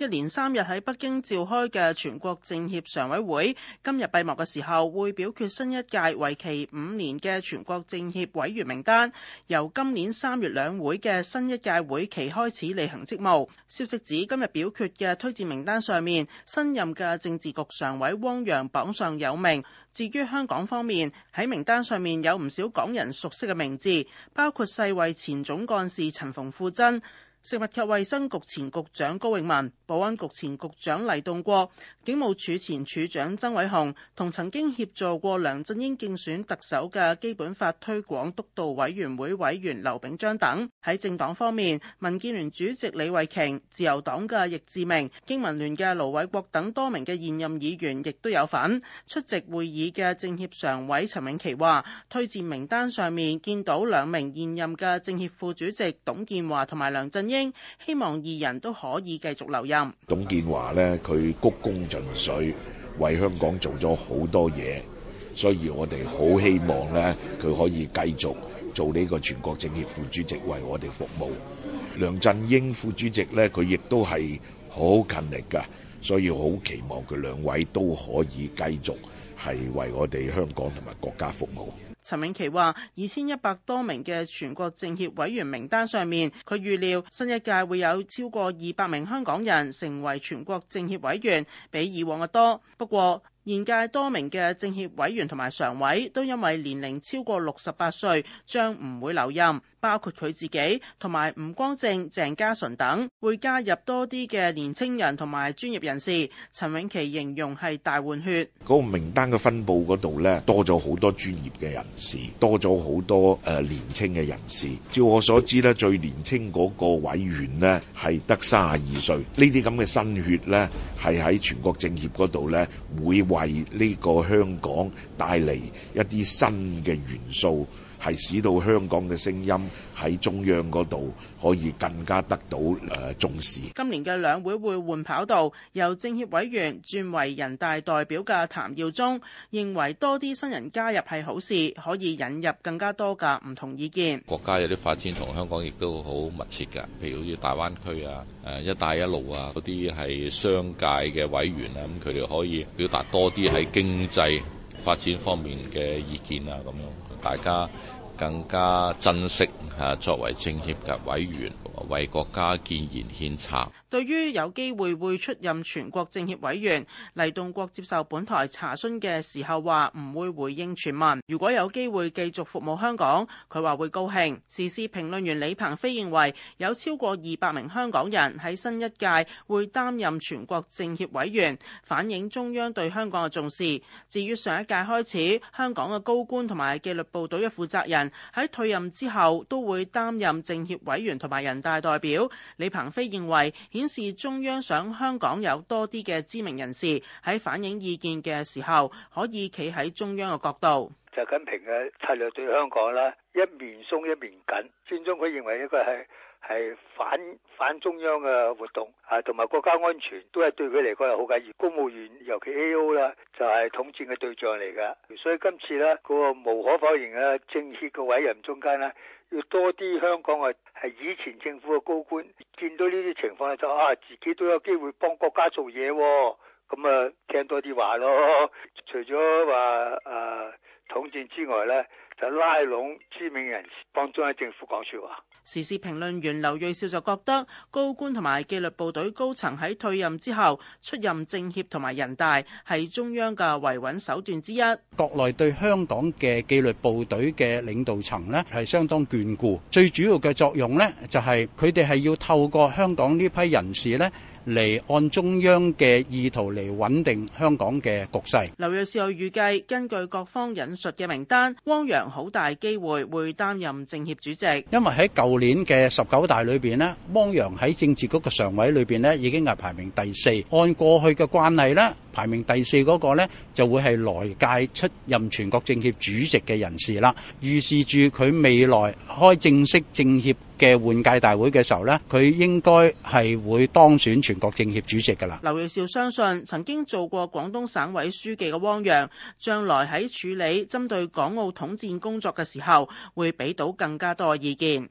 一連三日喺北京召開嘅全國政協常委會，今日閉幕嘅時候會表決新一屆為期五年嘅全國政協委員名單，由今年三月兩會嘅新一屆會期開始履行職務。消息指，今日表決嘅推薦名單上面，新任嘅政治局常委汪洋榜上有名。至於香港方面，喺名單上面有唔少港人熟悉嘅名字，包括世衛前總幹事陳馮富珍。食物及衛生局前局長高永文、保安局前局長黎棟國、警務處前處長曾偉雄，同曾經協助過梁振英競選特首嘅基本法推廣督導委員會委員劉炳章等。喺政黨方面，民建聯主席李慧瓊、自由黨嘅易志明、經民聯嘅盧偉國等多名嘅現任議員。亦都有份出席會議嘅政協常委陳永棋話：推薦名單上面見到兩名現任嘅政協副主席董建華同埋梁振英，希望二人都可以繼續留任。董建華呢，佢鞠躬盡瘁，為香港做咗好多嘢，所以我哋好希望呢，佢可以繼續做呢個全國政協副主席，為我哋服務。梁振英副主席呢，佢亦都係好勤力噶，所以好期望佢兩位都可以繼續係為我哋香港同埋國家服務。陳永棋話：二千一百多名嘅全國政協委員名單上面，佢預料新一屆會有超過二百名香港人成為全國政協委員，比以往嘅多。不過，現屆多名嘅政協委員同埋常委都因為年齡超過六十八歲，將唔會留任，包括佢自己同埋吳光正、鄭家純等，會加入多啲嘅年輕人同埋專業人士。陳永棋形容係大換血。嗰個名單嘅分佈嗰度呢，多咗好多專業嘅人士，多咗好多誒年輕嘅人士。照我所知呢，最年輕嗰個委員呢，係得三十二歲。呢啲咁嘅新血呢，係喺全國政協嗰度呢，會，為呢個香港帶嚟一啲新嘅元素。係使到香港嘅聲音喺中央嗰度可以更加得到誒重視。今年嘅兩會會換跑道，由政協委員轉為人大代表嘅譚耀宗認為多啲新人加入係好事，可以引入更加多嘅唔同意見。國家有啲發展同香港亦都好密切㗎，譬如好似大灣區啊、誒一帶一路啊嗰啲係商界嘅委員啊，咁佢哋可以表達多啲喺經濟發展方面嘅意見啊，咁樣大家，更加珍惜啊！作為政協嘅委員，為國家建言獻策。對於有機會會出任全國政協委員，黎棟國接受本台查詢嘅時候話：唔會回應傳聞，如果有機會繼續服務香港，佢話會高興。時事評論員李鵬飛認為，有超過二百名香港人喺新一屆會擔任全國政協委員，反映中央對香港嘅重視，至於上一屆開始，香港嘅高官同埋紀律部隊嘅負責人。喺退任之後，都會擔任政協委員同埋人大代表。李鵬飛認為，顯示中央想香港有多啲嘅知名人士喺反映意見嘅時候，可以企喺中央嘅角度。習近平嘅策略對香港啦，一面鬆一面緊。佔中佢認為呢個係係反反中央嘅活動，嚇同埋國家安全都係對佢嚟講係好緊要。公務員尤其 A.O. 啦，就係統戰嘅對象嚟㗎。所以今次呢，嗰個無可否認嘅政協嘅委任中間呢，要多啲香港啊，係以前政府嘅高官見到呢啲情況咧，就啊自己都有機會幫國家做嘢喎，哦。咁啊，聽多啲話咯。除咗話啊～統戰之外呢，就拉攏知名人士幫中央政府講說話。時事評論員劉銳紹就覺得高官同埋紀律部隊高層喺退任之後出任政協同埋人大係中央嘅維穩手段之一。國內對香港嘅紀律部隊嘅領導層呢，係相當眷顧，最主要嘅作用呢，就係佢哋係要透過香港呢批人士呢。嚟按中央嘅意圖嚟穩定香港嘅局勢。劉銳紹又預計，根據各方引述嘅名單，汪洋好大機會會擔任政協主席。因為喺舊年嘅十九大裏邊咧，汪洋喺政治局嘅常委裏邊咧已經係排名第四。按過去嘅慣例咧，排名第四嗰個咧就會係來屆出任全國政協主席嘅人士啦。預示住佢未來開正式政協嘅換屆大會嘅時候咧，佢應該係會當選全國政協主席噶啦。劉瑞兆相信，曾經做過廣東省委書記嘅汪洋，將來喺處理針對港澳統戰工作嘅時候，會俾到更加多嘅意見。